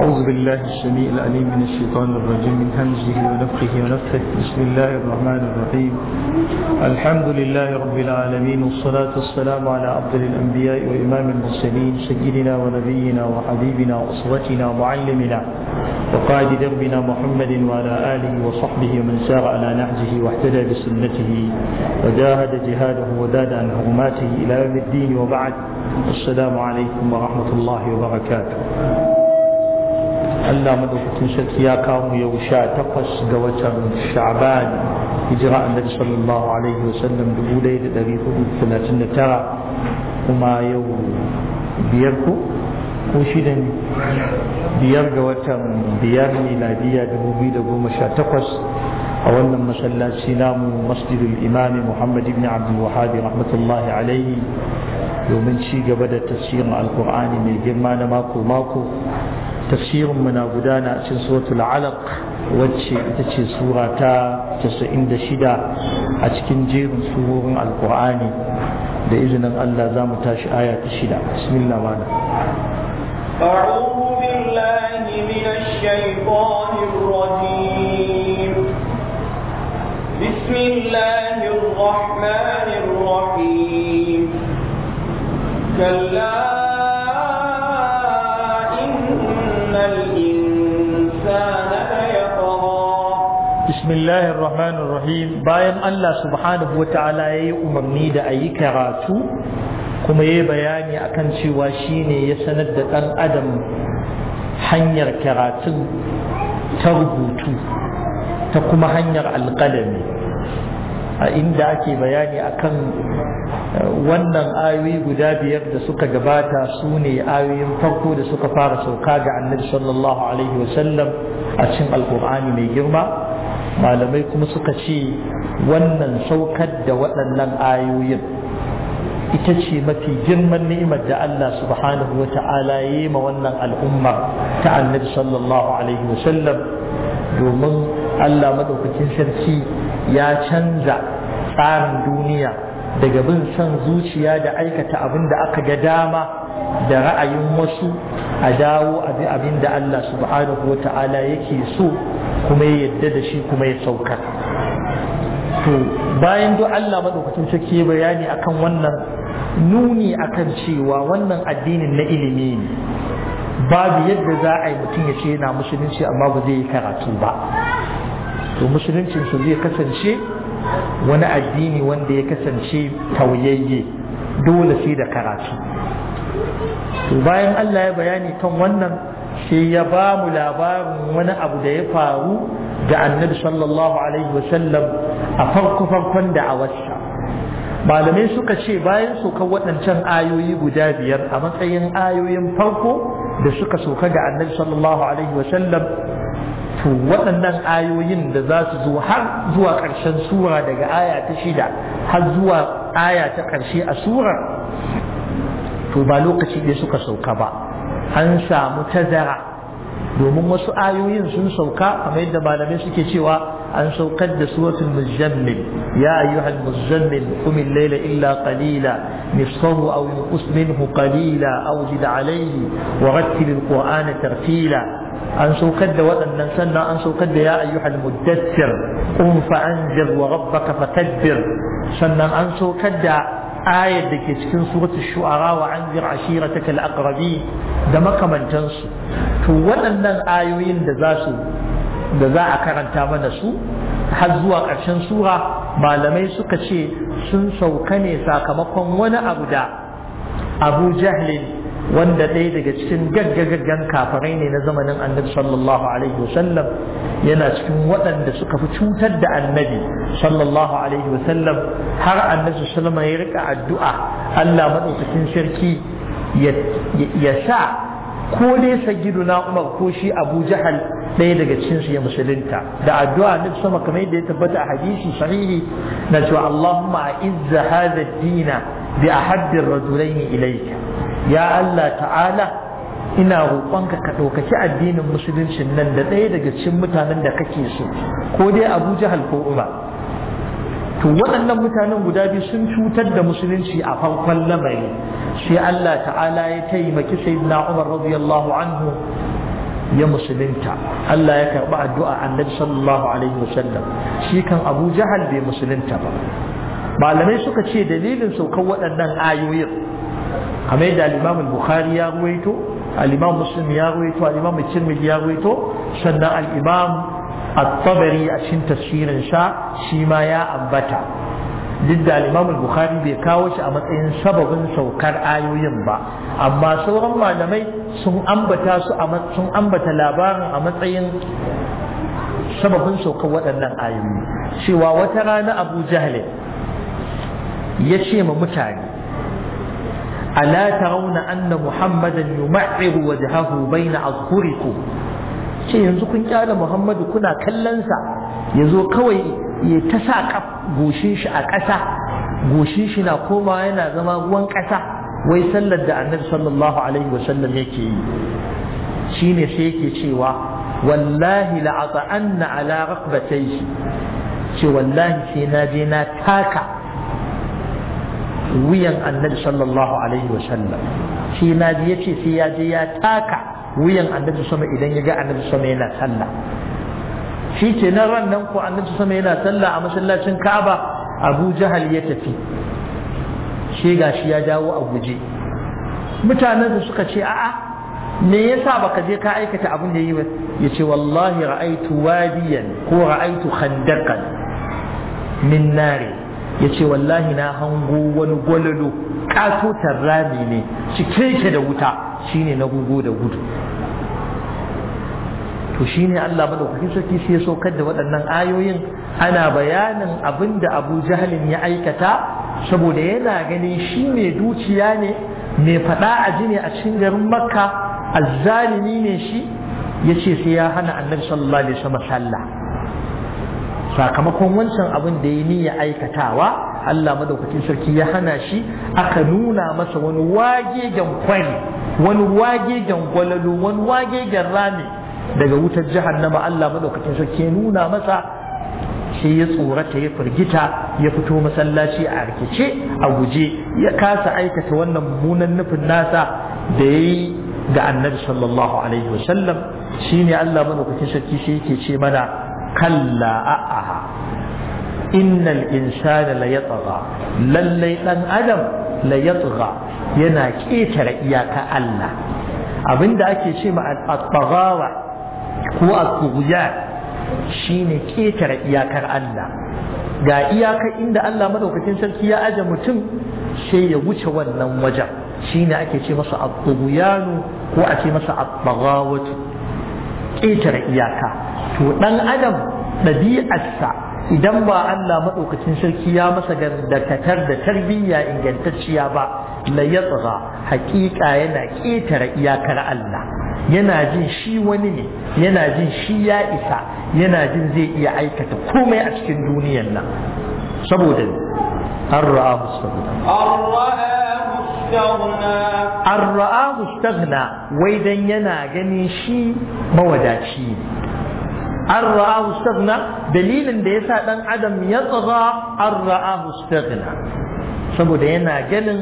أعوذ بالله الشميع الأليم من الشيطان الرجيم من همزه ونفقه ونفقه بسم الله الرحمن الرحيم الحمد لله رب العالمين والصلاة والسلام على أفضل الأنبياء وإمام المرسلين سيدنا ونبينا وحبيبنا وأسرتنا ومعلمنا وقائد دربنا محمد وعلى آله وصحبه ومن سار على نهجه واهتدى بسنته وجاهد جهاده وداد عن حرماته إلى يوم الدين وبعد السلام عليكم ورحمة الله وبركاته Allah madaukakin sarki ya kawo mu yau sha takwas ga watan Sha'ban hijira Annabi sallallahu alaihi wa sallam, dubu ɗaya da ɗari da tara, kuma yau biyar ko ko shida ne biyar ga watan biyar miladiya takwas a wannan masallaci namu masjidul imami muhammad ibn abdul wahabi rahmatullahi alaihi domin ci gaba da tafsirin alkur'ani mai girma na mako mako تفسير من أبو دانا سورة العلق وتشي سورة تسعين دشدة أتكن جير سورة القرآن بإذن الله زام تاش آية تشدة بسم الله وانا أعوذ بالله من الشيطان الرجيم بسم الله الرحمن الرحيم كلا bismillahir bayan Allah subhanahu wataala yayi umarni da ayi karatu kuma yayi bayani akan cewa shine ya sanar da ɗan adam hanyar karatun ta rubutu ta kuma hanyar alƙalami a inda ake bayani akan eh, wannan ayoyi guda biyar da suka gabata su ne ayoyin farko da suka fara sauka ga annabi sallallahu alaihi wasallam a cikin alkur'ani mai girma malamai kuma suka ce wannan saukar da waɗannan ayoyin ita ce mafi girman ni'imar da Allah subhanahu wa ta'ala ya yi ma wannan al'umma ta annabi sallallahu alaihi wa sallam domin Allah madaukakin sarki ya canza tsarin duniya daga bin son zuciya da aikata abin da aka ga dama da ra'ayin wasu a dawo abin da Allah subhanahu wa ta'ala yake so kuma ya yadda da shi kuma ya saukar. to bayan duk Allah madaukakin sarki bayani akan wannan nuni akan cewa wannan addinin na ilimi ne babu yadda za a yi mutum ya ce yana musulunci amma ba zai yi karatu ba to musuluncin su zai kasance wani addini wanda ya kasance tauyayye dole sai da karatu to bayan Allah ya bayani kan wannan sai ya ba mu labarin wani abu da ya faru ga annabi sallallahu alaihi wasallam a farko farkon da a wasa. malamai suka ce bayan saukar waɗancan ayoyi guda biyar a matsayin ayoyin farko da suka soka ga annabi sallallahu alaihi wasallam to waɗannan ayoyin da za su zo har zuwa ƙarshen sura daga aya ta shida har zuwa aya ta ƙarshe a surar to ba lokaci ɗaya suka sauka ba an samu tazara domin wasu ayoyin sun sauka kamar yadda malamai suke cewa an saukar da suratul muzammil ya ayyuhal muzammil qum al-layla illa qalila nisfahu aw inqus minhu qalila aw zid alayhi wa rattil al-qur'ana tartila an saukar da waɗannan sannan an saukar da ya ayyuhal muddassir qum fa anzir wa rabbaka fakabbir sannan an saukar da ayar da ke cikin suratu shu'ara wa anzir ta al-aqrabi da makamantansu to waɗannan ayoyin da za su da za a karanta mana su har zuwa ƙarshen sura malamai suka ce sun sauka ne sakamakon wani abu da abu jahlin wanda ɗaya daga cikin gaggagaggan kafirai ne na zamanin annabi sallallahu alaihi wasallam yana cikin waɗanda suka fi cutar da annabi sallallahu alaihi wasallam har annabi sallama ya rika addu'a Allah maɗaukakin sarki ya sa ko dai na umar ko shi abu jahal ɗaya daga su ya musulunta da addu'a na sama kamar yadda ya tabbata a hadisi sahihi na cewa Allahumma izza hadha dina bi ahaddi rajulaini ilayka ya Allah ta'ala ina roƙonka ka ɗaukaki addinin musuluncin nan da ɗaya daga cikin mutanen da kake so ko dai abu ko umar to waɗannan mutanen guda biyu sun cutar da musulunci a farkon lamari sai Allah ta'ala ya taimaki sayyidina umar radiyallahu anhu ya musulunta Allah ya karɓi addu'a annabi sallallahu alaihi wasallam shi kan abu jahal bai musulunta ba malamai suka ce dalilin saukar waɗannan ayoyin kamar da al-imam al-bukhari ya ruwaito al muslim ya ruwaito al-imam ya ruwaito sannan al at-tabari a cikin tafsirin sa shi ma ya ambata duk da al bukhari bai kawo shi a matsayin sababin saukar ayoyin ba amma sauran malamai sun ambata su a sun ambata labarin a matsayin sababin saukar waɗannan ayoyi cewa wata rana abu ya ce ma mutane ألا ترون أن محمدا يمعر وجهه بين أظهركم ce yanzu kun kyale Muhammadu kuna kallonsa ya zo kawai ya ta sa goshin shi a ƙasa goshin shi na koma yana zama ruwan ƙasa wai sallar da annabi sallallahu alaihi wa sallam yake yi shine sai yake cewa wallahi la ata'anna ala raqbatayhi ce wallahi sai na je na taka wuyan annabi sallallahu alaihi wa sallam shi na ji yace sai ya je ya taka wuyan annabi sama idan ya ga annabi sama yana sallah shi ke nan ran nan ko annabi sama yana sallah a masallacin Ka'aba Abu Jahal ya tafi shi ya dawo a guje mutanen su suka ce a'a me yasa baka je ka aikata abin da yi ba yace wallahi ra'aitu wadiyan ko ra'aitu khandaqan min nari ya ce wallahi na hango wani gwalolo katotar rami ne cike yake da wuta shine na gugu da gudu to shine Allah madaukakin sarki sai ya saukar da waɗannan ayoyin ana bayanin abin da Abu Jahalin ya aikata saboda yana ganin shi mai duciya ne mai faɗa a jini a cikin garin Makka azzalimi ne shi yace sai ya hana Annabi sallallahu alaihi wasallam sallah sakamakon wancan abin da ya niyya aikatawa Allah madaukakin sarki ya hana shi aka nuna masa wani wagegen kwari wani wagegen gwalalu, wani wagegen rami daga wutar jahannama Allah madaukakin sarki ya nuna masa shi ya tsorata ya firgita ya fito masallaci a rikice a guje ya kasa aikata wannan munan nufin nasa da ya yi ga annabi sallallahu alaihi wasallam shine Allah madaukakin sarki shi yake ce mana kalla a'a innal insana la yatgha lallai dan adam la yatgha yana ketare iyaka Allah abinda ake ce ma at-taghawa ko at-tughyan shine ketare iyakar Allah ga iyakar inda Allah madaukakin sarki ya aje mutum sai ya wuce wannan wajen shine ake ce masa at-tughyan ko a ce masa at-taghawatu ketare iyaka to dan adam ɗabi'arsa idan ba Allah maɗaukacin sarki ya masa gandakatar da tarbiyya ingantacciya ba la yatsa haƙiƙa yana ƙetare iyakar Allah yana jin shi wani ne yana jin shi ya isa yana jin zai iya aikata komai a cikin duniyar nan saboda an ra'a an ra'a wai dan yana ganin shi mawadaci an ra'ahu staghna dalilin da ya sa ɗan adam ya tsara an ra'ahu saboda yana ganin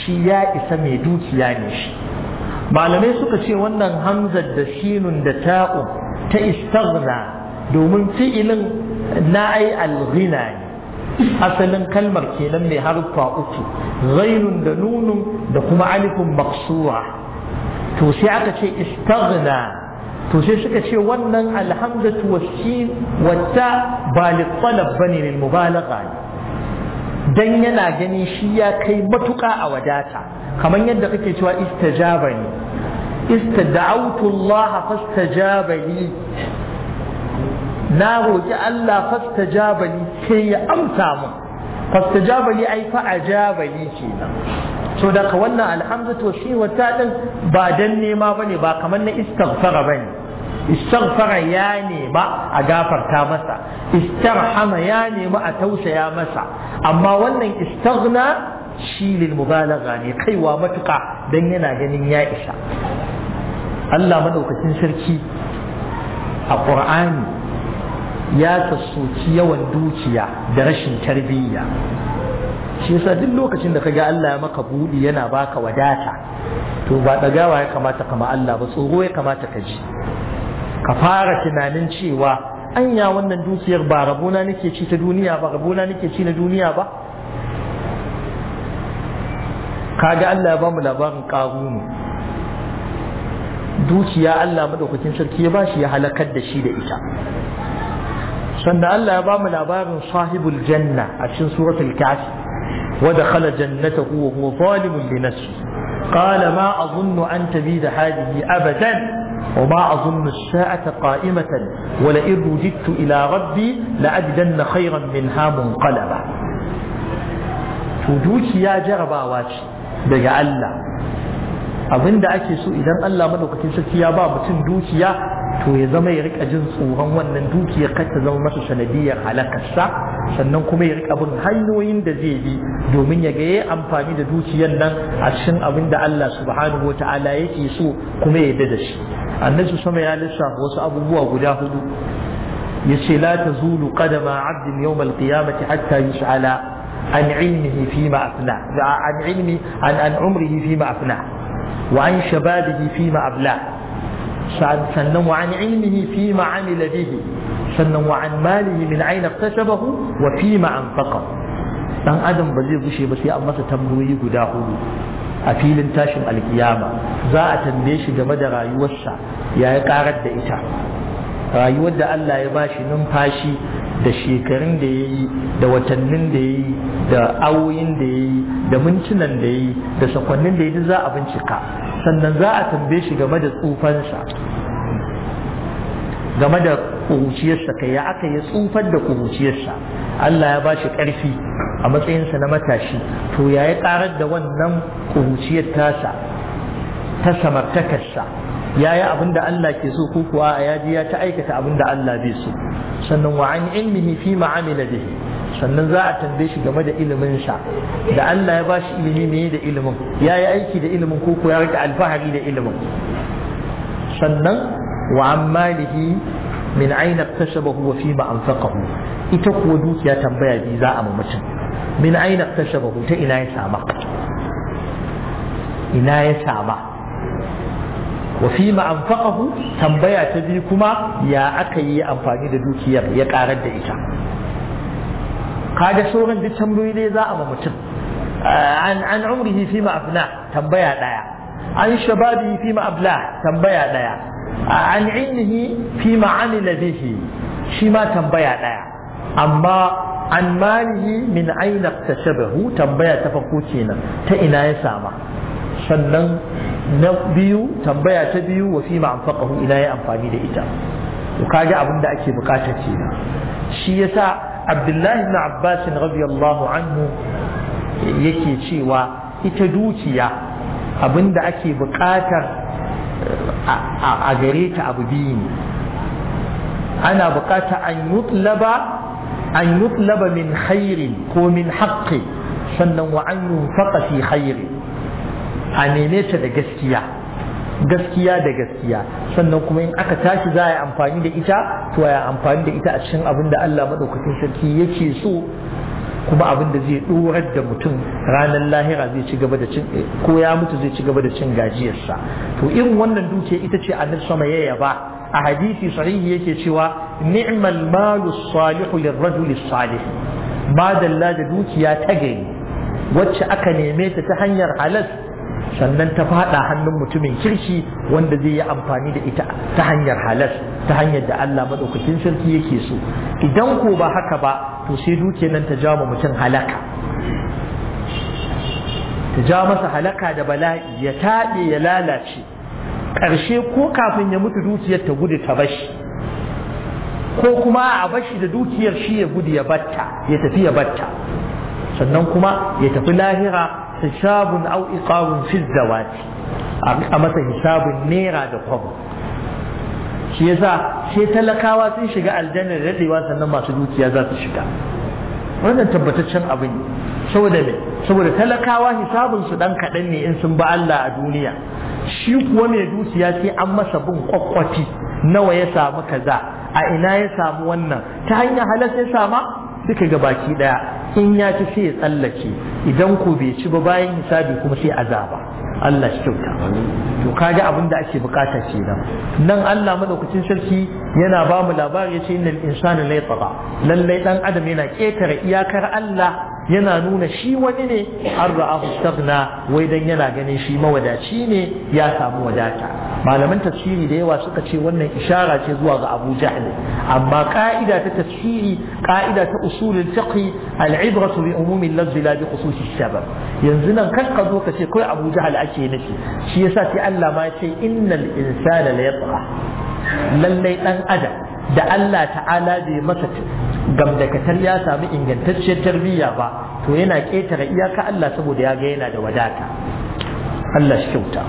shi ya isa mai dukiya ne shi malamai suka ce wannan hamzar da shinun da ta'u ta istaghna domin fi'ilin na ai alghina ne asalin kalmar kenan mai harfa uku zainun da nunun da kuma alifin maksura to sai aka ce istaghna to sai suka ce wannan alhamdatu wasin wata ba littalab bane lil mubalagha dan yana gani shi ya kai matuka a wadata kamar yadda kake cewa istajabani istada'awtu Allah fastajabani na roki Allah fastajabani sai ya amsa mu fastajabani ai fa ajabani kenan so daga wannan alhamdatu wasin wata din ba dan nema bane ba kamar na istighfara bane fara ya nema a gafarta masa istarhama ya nema a tausaya masa amma wannan istar shi lil mubalagha ne kaiwa matuka dan yana ganin ya isa Allah maɗaukacin sarki a Qur'ani ya sassoci yawan dukiya da rashin tarbiyya shi yasa duk lokacin da kaga Allah ya maka buɗi yana baka wadata to ba ɗagawa ya kamata kama Allah ba tsoro ya kamata ka ji ka fara tunanin cewa anya wannan dukiyar ba rabona nake ci ta duniya ba rabona nake ci na duniya ba kaga Allah ya ba mu labarin ƙarunu dukiya Allah madaukakin sarki ya bashi ya halakar da shi da ita sannan Allah ya ba mu labarin sahibul janna a cikin suratul kafi ودخل جنته وهو ظالم لنفسه قال ما أظن أن تبيد هذه أبدا وما أظن الساعة قائمة ولئن رددت إلى ربي لأجدن خيرا منها منقلبا توجوك يا جربا واتش دجا الله أظن دا سوء إذن الله ملوك تنسك يا باب تندوك يا تو يزمي رك أجنس وغنوان يا قتل ومسو سندية على كالساق sannan kuma ya rika bin hanyoyin da zai bi domin ya ga amfani da dukiyar nan a cikin abin da Allah subhanahu wa wataala yake so kuma ya yarda da shi annabi sama ya lissafa wasu abubuwa guda hudu yace la tazulu qadama 'abdin yawm al-qiyamati hatta yus'ala an 'ilmihi fi ma afna an 'ilmi an an umrihi fi ma afna wa an shababihi fi ma abla sannan wa an 'ilmihi fi ma 'amila bihi sannan wa an malihi min aina iktasabahu wa fima anfaqa dan adam ba zai gushe ba sai an masa tambayoyi guda hudu a filin tashin alkiyama za a tambaye shi game da rayuwarsa ya yi karar da ita rayuwar da Allah ya bashi numfashi da shekarun da ya yi da watannin da ya yi da awoyin da ya yi da mintunan da ya yi da sakwannin da ya yi za a bincika sannan za a tambaye shi game da tsufansa game da ƙuruciyarsa kai ya aka ya tsufar da kuruciyarsa Allah ya ba shi ƙarfi a matsayinsa na matashi to ya yi ƙarar da wannan kuruciyar tasa ta samartakarsa ya yi abin da Allah ke so ko kuwa a yaji ya ta aikata abin da Allah bai so sannan wa an ilmihi fi ma'amila bihi sannan za a tambaye shi game da ilimin da Allah ya bashi ilimi ne da ilimin ya yi aiki da ilimin ko kuwa ya rika alfahari da ilimin sannan وعن ماله من أين اكتسبه وفيما أنفقه إتقوى دوك يا تنبيا جزاء ممتن من أين اكتسبه تإنا يسامع إنا يسامع وفيما أنفقه تنبيا تبيكما يا أكي أنفاني دوك يا قارد إتا kaga sauran duk tambayoyi dai za a ma mutum an an umrihi fi ma afna tambaya daya an shababi fi ma abla tambaya daya an ilmihi fi ma'amila bihi shi ma tambaya ɗaya amma an malihi min aina tashabahu tambaya ta farko kenan ta ina ya sama sannan na biyu tambaya ta biyu wa fi ma'anfaqahu ina ya amfani da ita to kaga abin da ake bukata ce shi yasa Abdullahi na abbasin radiyallahu anhu yake cewa ita dukiya abin da ake bukatar a gare ta abu biyu ne ana bukata an yutlaba an yutlaba min khairin ko min haƙƙi sannan wa an yunfaqa fi khairin a neme ta da gaskiya gaskiya da gaskiya sannan kuma in aka tashi za a yi amfani da ita to ya amfani da ita a cikin abin da Allah maɗaukakin sarki yake so kuma abin da zai ɗorar da mutum ranar lahira zai ci gaba da cin eh, ko ya mutu zai ci gaba da cin gajiyarsa to irin wannan dukiya ita ce nan sama ya yaba a hadisi sahihi yake cewa ni'mal malu salihu lirrajuli salih madalla da dukiya ta gari wacce aka neme ta ta hanyar halas sannan ta fada hannun mutumin kirki wanda zai yi amfani da ita ta hanyar halas ta hanyar da Allah madaukakin sarki yake so idan ko ba haka ba to sai duke nan ta jawo mutum halaka ta ja masa halaka da bala'i ya taɓe ya lalace ƙarshe ko kafin ya mutu dukiyar ta gudu ta bashi ko kuma a bashi da dukiyar shi ya gudu ya batta ya tafi ya batta sannan kuma ya tafi lahira hisabun au iqabun fi zawati a masa hisabun naira da kwabo shi yasa sai talakawa sun shiga aljanna da dadewa sannan masu dukiya za su shiga wannan tabbataccen abu ne saboda me saboda talakawa hisabun su dan kadan ne in sun ba Allah a duniya shi kuwa mai dukiya sai an masa bin kwakwati nawa ya samu kaza a ina ya samu wannan ta hanyar halas ya sama Suka ga baki daya in ya ci sai ya tsallake idan ku bai ci ba bayan hisabi kuma sai azaba Allah shi kyauta to kaga abin da ake bukata ce nan nan Allah madaukakin sarki yana ba mu labari ya ce innal insana la yatgha lalle dan adam yana ketare iyakar Allah yana nuna shi wani ne an ra'ahu stagna wai dan yana ganin shi mawadaci ne ya samu wadata malaman tafsiri da yawa suka ce wannan ishara ce zuwa ga Abu Jahl amma ka'ida ta tafsiri ka'ida ta usulul fiqh al-ibratu bi umumi al-lafz la bi khususi sabab yanzu nan kan ka zo ka ce kai Abu Jahl ake nufi shi yasa sai Allah ma ya ce innal insana la yatgha lallai dan adam da Allah ta'ala bai masa Gam gamdakatar ya samu ingantacciyar tarbiyya ba to yana ƙetare iyaka Allah saboda ya ga yana da wadata Allah shi kyauta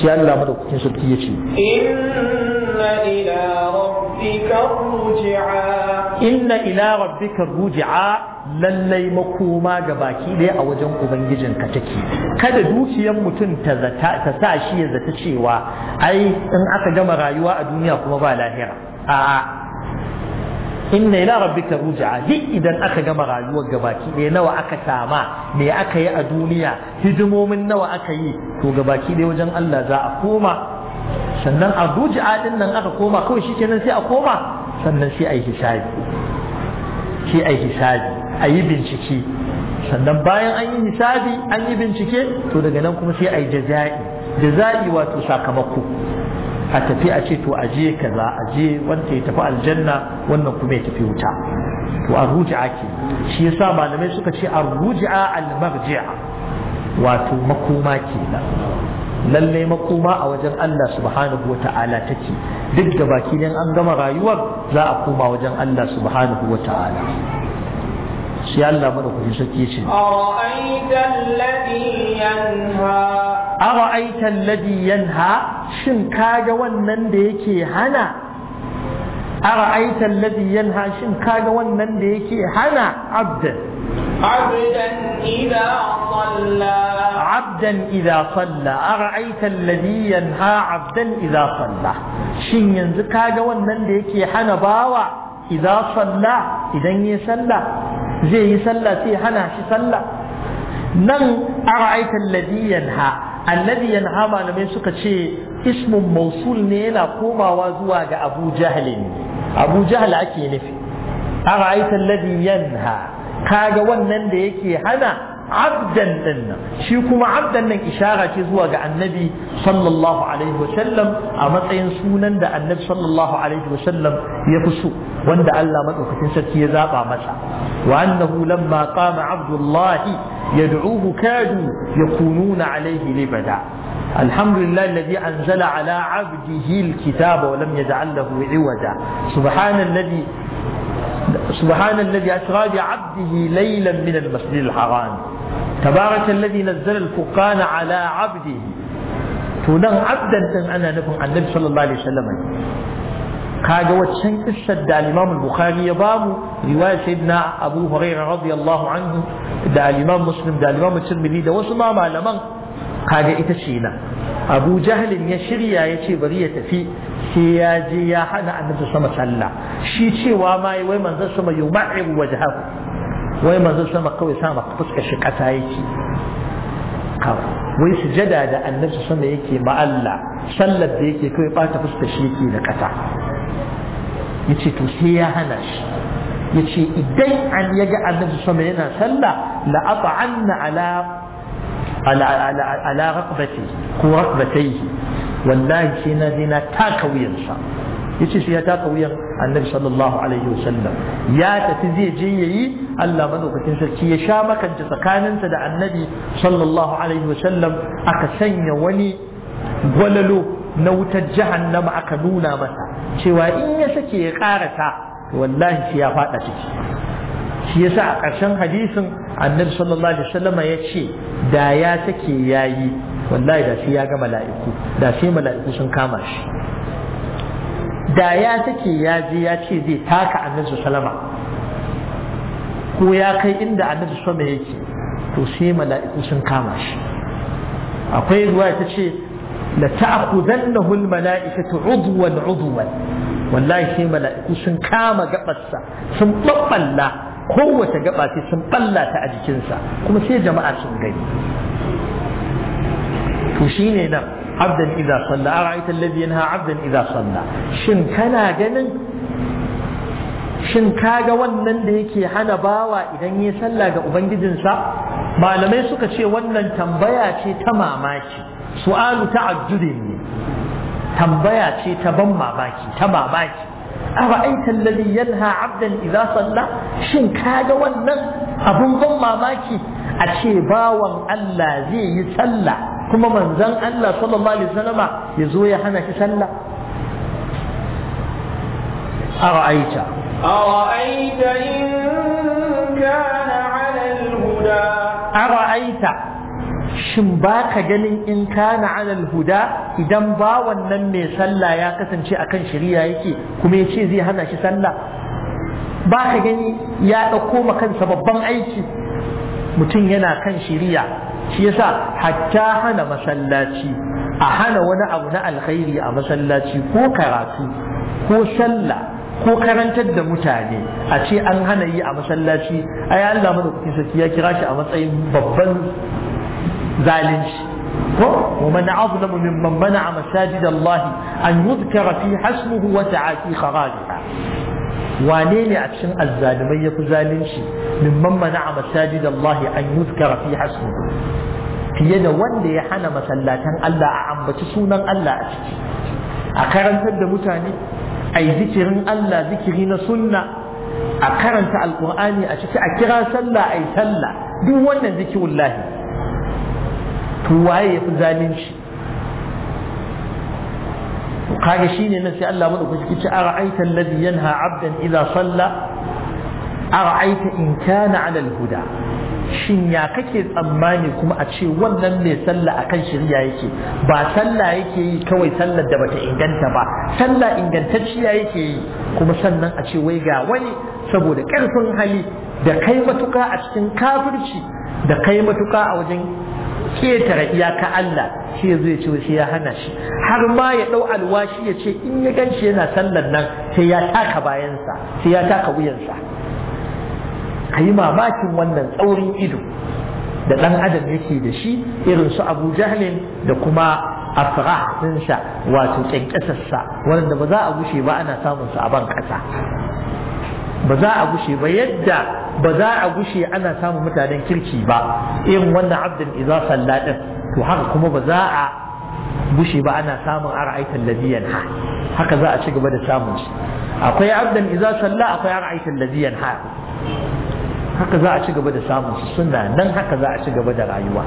shi Allah madaukakin sarki yace inna ila rabbika ruj'a inna ila rabbika ruj'a lallai makoma ga baki ɗaya a wajen ka take kada dukiyar mutum ta zata ta sa shi ya zata cewa ai in aka gama rayuwa a duniya kuma ba lahira a'a inna ila rabbika ruji'a duk idan aka gama rayuwar gabaki ɗaya nawa aka sama me aka yi a duniya hidimomin nawa aka yi to gabaki ɗaya wajen Allah za a koma sannan a ruji'a din nan aka koma kawai shi sai a koma sannan sai a yi hisabi sai a yi hisabi a yi bincike sannan bayan an yi hisabi an yi bincike to daga nan kuma sai a yi jaza'i jaza'i wato sakamako a tafi a ce to a je kaza a je wanda ya tafi aljanna wannan kuma ya tafi wuta to arruji'a ke shi yasa malamai suka ce arruji'a almarji'a wato makoma kenan lallai makoma a wajen Allah subhanahu wa ta'ala take duk da baki ne an gama rayuwar za a koma wajen Allah subhanahu wa ta'ala shi Allah mana kuji sake shi ara'aita alladhi yanha ara'aita alladhi yanha shin kaga wannan da yake hana a ra'aitar labiyan shin kaga wannan da yake hana abdin abdan idha salla 'abdan idha salla shin yanzu kaga wannan da yake hana bawa idha salla idan yayi salla zai yi salla sai hana shi salla nan ara'aita alladhi yanha alladhi yanha malamai suka ce ismun mausul ne yana komawa zuwa ga abu jahalin abu jahal ake nufi ara aita yanha kaga wannan da yake hana abdan din shi kuma abdan nan ishara ce zuwa ga annabi sallallahu alaihi wasallam a matsayin sunan da annabi sallallahu alaihi wasallam ya fi so wanda Allah madaukakin sarki ya zaba masa wa annahu lamma qama abdullahi yad'uhu kadu yakununa alaihi libada الحمد لله الذي أنزل على عبده الكتاب ولم يجعل له عوجا سبحان الذي سبحان الذي أسرى بعبده ليلا من المسجد الحرام تبارك الذي نزل الفرقان على عبده تونان عبدا أنا نفهم عن النبي صلى الله عليه وسلم كاد waccan الشد الإمام البخاري imam رواية سيدنا أبو هريرة رضي الله عنه radiyallahu anhu da al-Imam Muslim da al-Imam kaga ita ce nan abu jahalin ya shirya ya ce bari ya tafi sai ya je ya hana annabi sama sallah shi cewa ma wai manzon sama yuma'iru wajhahu wai manzon sama kawai sama fuska shi kasa yake wai su jada da annabi sama yake ma Allah sallar da yake kawai bata fuska shi yake da kasa yace to sai ya hana shi ya ce idan an yaga annabi sama yana sallah la ata'anna ala ala ala ala raqbati ko raqbatayhi wallahi sai na je na taka wuyansa yace sai ya taka wuyar. annabi sallallahu alaihi wasallam ya tafi zai je yayi Allah madaukakin sarki ya sha makanta tsakaninsa da annabi sallallahu alaihi wasallam aka sanya wani gwalalo na wutar jahannama aka nuna masa cewa in ya sake ya karata wallahi sai ya fada ciki shi yasa a ƙarshen hadisin annabi sallallahu alaihi wasallam ya ce da ya take yayi wallahi da shi ya ga mala'iku da shi mala'iku sun kama shi da ya take ya je ya ce zai taka annabi salama ko ya kai inda annabi sama yake to sai mala'iku sun kama shi akwai ruwa ta ce la ta'khudannahu al-mala'ikatu udwan udwan wallahi sai mala'iku sun kama gabarsa sun babballa kowace gaba sai sun ballata a jikinsa kuma sai jama'a sun gani to shine nan abdan idza salla ara'aita alladhi yanha abdan idza salla shin kana ganin shin kaga wannan da yake hana bawa idan yayi sallah ga ubangijinsa malamai suka ce wannan tambaya ce ta mamaki su'alu ta'ajjudin ne tambaya ce ta ban mamaki ta mamaki أرأيت الذي ينهى عبدا إذا صلى شن كاجا ولا أبو ضم ماكي أشي باو ألا زي يسلى كما من زن ألا صلى الله عليه وسلم يزوي حنا يسلى أرأيت أرأيت إن كان على الهدى أرأيت shin ba ka ganin in kana alal huda idan ba wannan mai sallah ya kasance akan shari'a yake kuma ya ce zai hana shi sallah ba ka gani ya ɗauko kansa babban aiki mutum yana kan shari'a shi yasa hatta hana masallaci a hana wani abu na alkhairi a masallaci ko karatu ko sallah ko karantar da mutane a ce an hana yi a masallaci ai Allah madaukakin sarki ya kira shi a matsayin babban zalunci ko wa na azlamu mimman mana'a masajid Allah an yuzkara fi hasmuhu wa ta'ati kharajiha wane ne a cikin azzalimai ya fi zalunci mimman mana'a masajid Allah an yuzkara fi hasmuhu fiye da wanda ya hana masallatan Allah a ambaci sunan Allah a ciki a karantar da mutane a yi zikirin Allah zikiri na sunna a karanta alkur'ani a ciki a kira sallah a yi sallah duk wannan zikirin lahi to waye ya fi zalunci kaga shine nan sai Allah madaukaki ce ara'aita alladhi yanha 'abdan idza salla ara'aita in kana 'ala al-huda shin ya kake tsammani kuma a ce wannan mai sallah akan shirya yake ba sallah yake yi kawai sallar da bata inganta ba sallah ingantacciya yake yi kuma sannan a ce wai ga wani saboda ƙarfin hali da kai matuƙa a cikin kafirci da kai matuƙa a wajen ketare iyaka Allah shi ya ce sai ya hana shi har ma ya dau alwashi ya ce in ya ganshi yana sallan nan sai ya taka bayansa sai ya taka wuyansa kayi mamakin wannan tsaurin ido da dan adam yake da shi irin su Abu Jahlin da kuma afra sa wato ƙyanƙyasarsa wanda ba za a gushe ba ana samun su a ban ƙasa ba za a gushe ba yadda ba za a gushe ana samun mutanen kirki ba irin wannan abdin iza salla din to haka kuma ba za a gushe ba ana samun ara'aitan ladiyan ha haka za a ci gaba da samun shi akwai abdan iza salla akwai ara'aitan ladiyan ha haka za a ci gaba da samun su suna nan haka za a ci gaba da rayuwa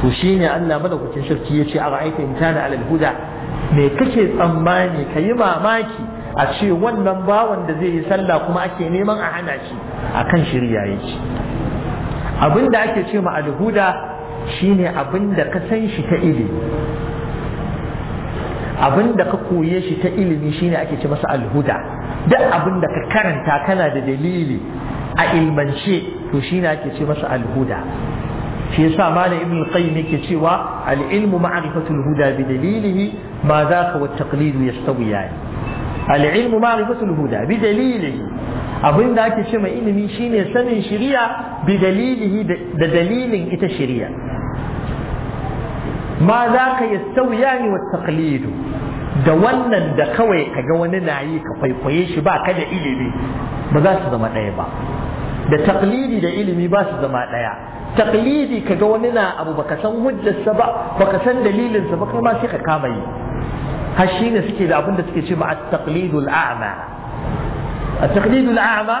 to shine Allah madaukakin sarki yace ara'aita in kana alal huda me kake tsammani kayi mamaki a ce wannan bawan da zai yi sallah kuma ake neman a hana shi akan shirya yake abin da ake ce ma alhuda shine abin da ka san shi ta ilimi abin da ka koye shi ta ilimi shine ake ce masa alhuda duk abin da ka karanta kana da dalili a ilmance to shine ake ce masa alhuda shi yasa malam ibn qayyim yake cewa al-ilmu ma'rifatul huda bi dalilihi ma zaka wa taqlid yastawiyan al'ilmu ma'rifatul huda bi dalilihi abin da ake ce ma ilimi shine sanin shiriya bi da dalilin ita shiriya ma za ka yi sauyani wa taqlidu da wannan da kawai ka ga wani na yi ka kwaikwaye shi ba ka da ilimi ba za su zama ɗaya ba da taqlidi da ilimi ba su zama ɗaya taqlidi ka ga wani na abu baka san hujjarsa ba baka san dalilinsa ba kai ma sai ka kama yi har shi ne suke da abin da suke ce ma at-taqlidul a'ma at-taqlidul a'ma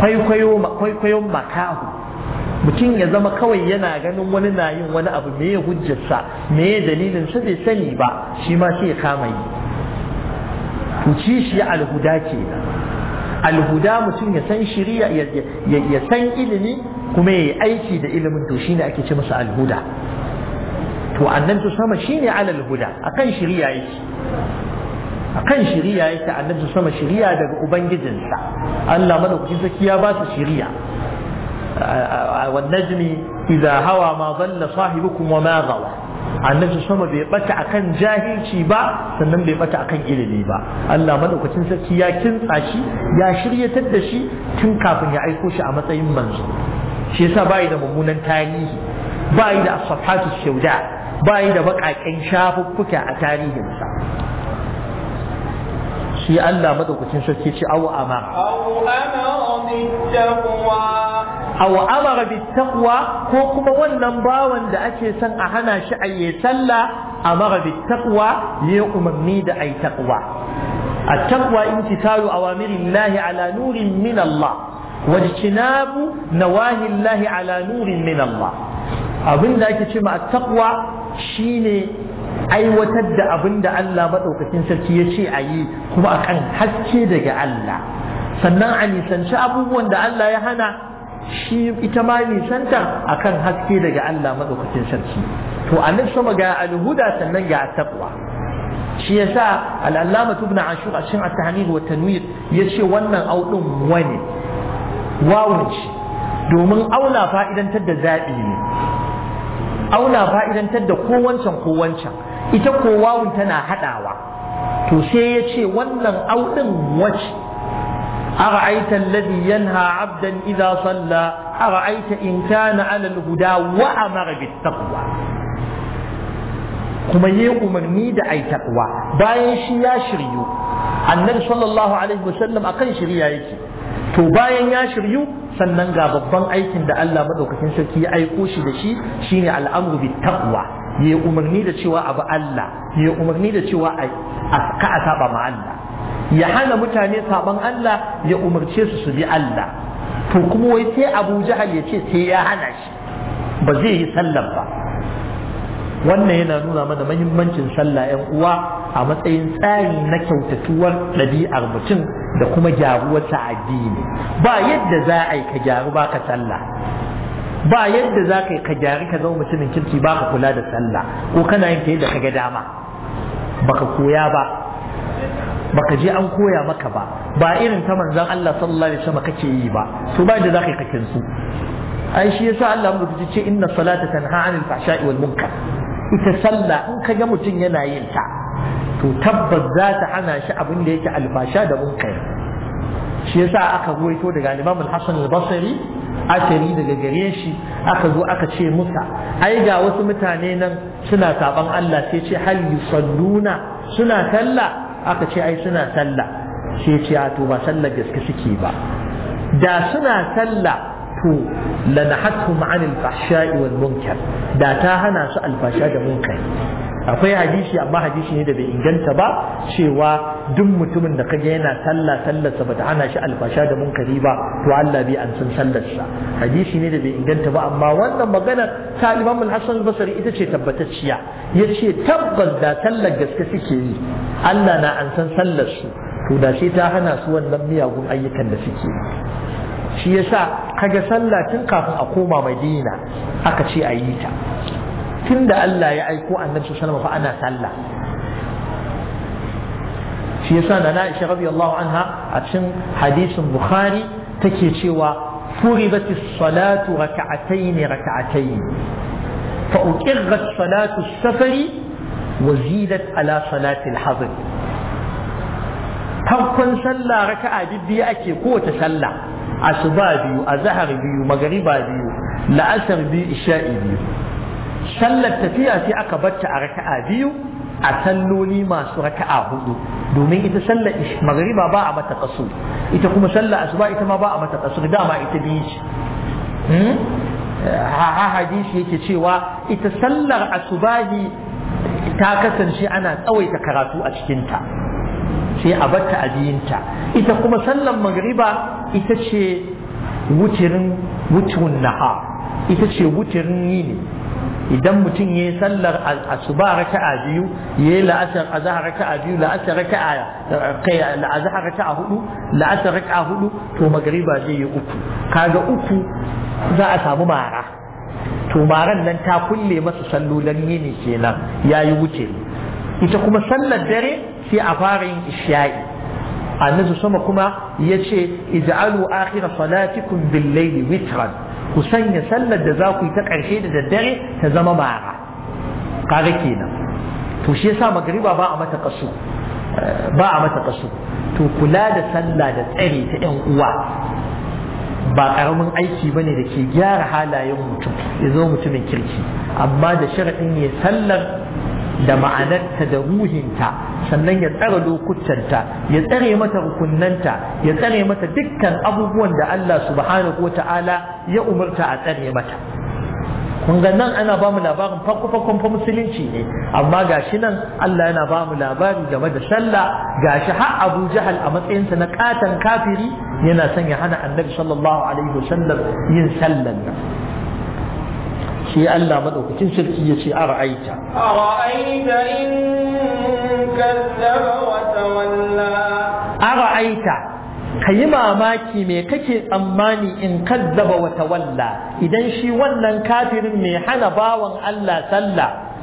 kwaikwayo kwaikwayon makahu mutum ya zama kawai yana ganin wani na yin wani abu me ya hujjarsa me ya dalilin sa bai sani ba shi ma sai ya kama yi to shi alhuda ke alhuda mutum ya san shiriya ya san ilimi kuma ya yi aiki da ilimin to shine ake ce masa alhuda to annan sama shine alal huda akan shari'a yake akan shari'a yake annan sama shari'a daga ubangijinsa Allah madaukakin sarki ya ba su shari'a والنجم إذا هوى ما ضل صاحبكم وما غوى annabi sama bai bata akan jahilci ba sannan bai bata akan ilimi ba Allah madaukakin sarki ya kintsa shi ya shiryatar da shi tun kafin ya aiko shi a matsayin manzo shi yasa bai da mummunan tarihi bai da ashabatu shauda ba yi da baƙaƙen shafuffuka a tarihinsa shi Allah madaukakin sarki ce aw amara aw amara rabi taqwa ko kuma wannan bawan da ake son a hana shi a yi sallah amara bit taqwa ne umarni da ai taqwa التقوى امتثال أوامر الله على نور من الله واجتناب نواهي الله ala nurin min Allah abin da ake ce ma taqwa shine aiwatar da abin da Allah maɗaukakin sarki ya ce a yi kuma akan haske daga Allah sannan a nisanci abubuwan da Allah ya hana shi ita ma nisanta a kan haske daga Allah maɗaukakin sarki to a nan sama ga alhuda sannan ga taqwa shi yasa al-allama ibn ashur a cikin tahmid wa tanwir yace wannan auɗin wani shi domin aula fa'idantar da zaɓi ne auna fa'idantar da kowancan kowancan. ita ko tana haɗawa. to sai ya ce wannan audin wace أرأيت الذي ينهى عبدا إذا صلى na alal guda wa a وأمر بالتقوى kuma yi umarni da ai takwa bayan shi ya shiryu annabi sallallahu alaihi wasallam akan shirya yake to bayan ya shiryu sannan ga babban aikin da Allah madaukakin sarki ya aiko shi da shi shine al'amru bit taqwa ya umarni da cewa abu Allah ya umarni da cewa a ka a saba ma Allah ya hana mutane saban Allah ya umarce su su bi Allah to kuma wai sai Abu Jahal ya ce sai ya hana shi ba zai yi sallar ba wannan yana nuna mana mahimmancin sallah yan uwa a matsayin tsari na kyautatuwar ɗabi'ar mutum da kuma gyaruwarsa addini ba yadda za a yi ka gyaru ba ka sallah ba yadda za ka yi ka gyaru ka zama mutumin kirki ba ka kula da sallah ko kana yin ta yadda ka ga dama baka koya ba baka je an koya maka ba ba irin ta manzon Allah sallallahu alaihi wasallam kake yi ba to ba yadda za ka yi kakin su ai shi yasa Allah mu ce inna salata tanha anil fahsha'i wal munkar ita sallah in ka ga mutum yana yin ta to tabbas za ta hana shi abin da yake alfasha da munkari shi yasa aka ruwaito daga Imam Al-Hasan Al-Basri ashari daga gare shi aka zo aka ce musa ai ga wasu mutane nan suna saban Allah sai ce hal yusalluna suna salla. aka ce ai suna sallah sai ce a to ba sallar gaske suke ba da suna sallah lanahatu lanahatuhum anil munkar da ta hana su da munkari. akwai hadisi amma hadisi ne da bai inganta ba cewa duk mutumin da kaga yana sallah sallarsa bata hana shi alfasha da munkari ba to Allah bai an san sallarsa hadisi ne da bai inganta ba amma wannan magana ta Imam Al-Hasan Al-Basri ita ce tabbatacciya yace tabbas da sallar gaske suke yi Allah na an san sallarsu to da shi ta hana su wannan miyagun ayyukan da suke shi yasa kaga sallah tun kafin a koma madina aka ce a yi ta Tunda Allah ya aiko annabi sallallahu alaihi fa ana sallah shi yasa na Aisha radiyallahu anha a cikin hadisin Bukhari take cewa فرضت الصلاة ركعتين ركعتين فأقرت صلاة safari wazirat ala صلاة الحضر farkon sallah raka'a bibbiya ake kowace sallah asuba biyu azhar biyu magariba biyu la'asar biyu isha'i biyu sallar tafiya sai aka batta a raka'a biyu a salloli masu raka'a hudu domin ita sallar magariba ba a mata kaso ita kuma sallar asuba ita ma ba a mata kaso dama ita biyu ce hmm? ha hadisi yake cewa ita sallar asubahi ta kasance ana tsawaita karatu a cikinta sai a batta a biyinta ita kuma sallar magariba ita ce wutirin wutun naha ita ce yini idan mutum ya yi sallar asuba a biyu ya yi la'asar azahar a biyu la'asar raka kai hudu la'asar a hudu to magariba zai yi uku kaga uku za a samu mara to maran nan ta kulle masa sallolan yini kenan ya yi wuce ita kuma sallar dare sai a fara yin isha'i annabi sama kuma ya ce ij'alu akhir salatikum bil layli witran ku sanya sallar da za ku yi ta ƙarshe da daddare ta zama mara kare kenan to shi yasa magriba ba a mata kasu eh, ba a mata kasu to kula da sallah da tsare ta yan uwa ba karamin aiki bane da ke gyara halayen mutum ya zo mutumin kirki amma da sharaɗin ya sallar da ma'anarta da ruhinta sannan ya tsare lokutanta ya tsare mata rukunnanta ya tsare mata dukkan abubuwan da Allah subhanahu ta'ala ya umarta a tsare mata kun ga nan ana bamu labarin farko farkon fa musulunci ne amma gashi nan Allah yana bamu labari game da sallah gashi har Abu Jahal a matsayinsa na katan kafiri yana son ya hana Annabi sallallahu alaihi wasallam yin sallan nan sai Allah madaukakin sarki ya ce a ra'aita. A ra'aita in kazzaba wa ra'aita ka yi mamaki me kake tsammani in kazzaba wa tawalla idan shi wannan kafirin mai hana bawan Allah sallah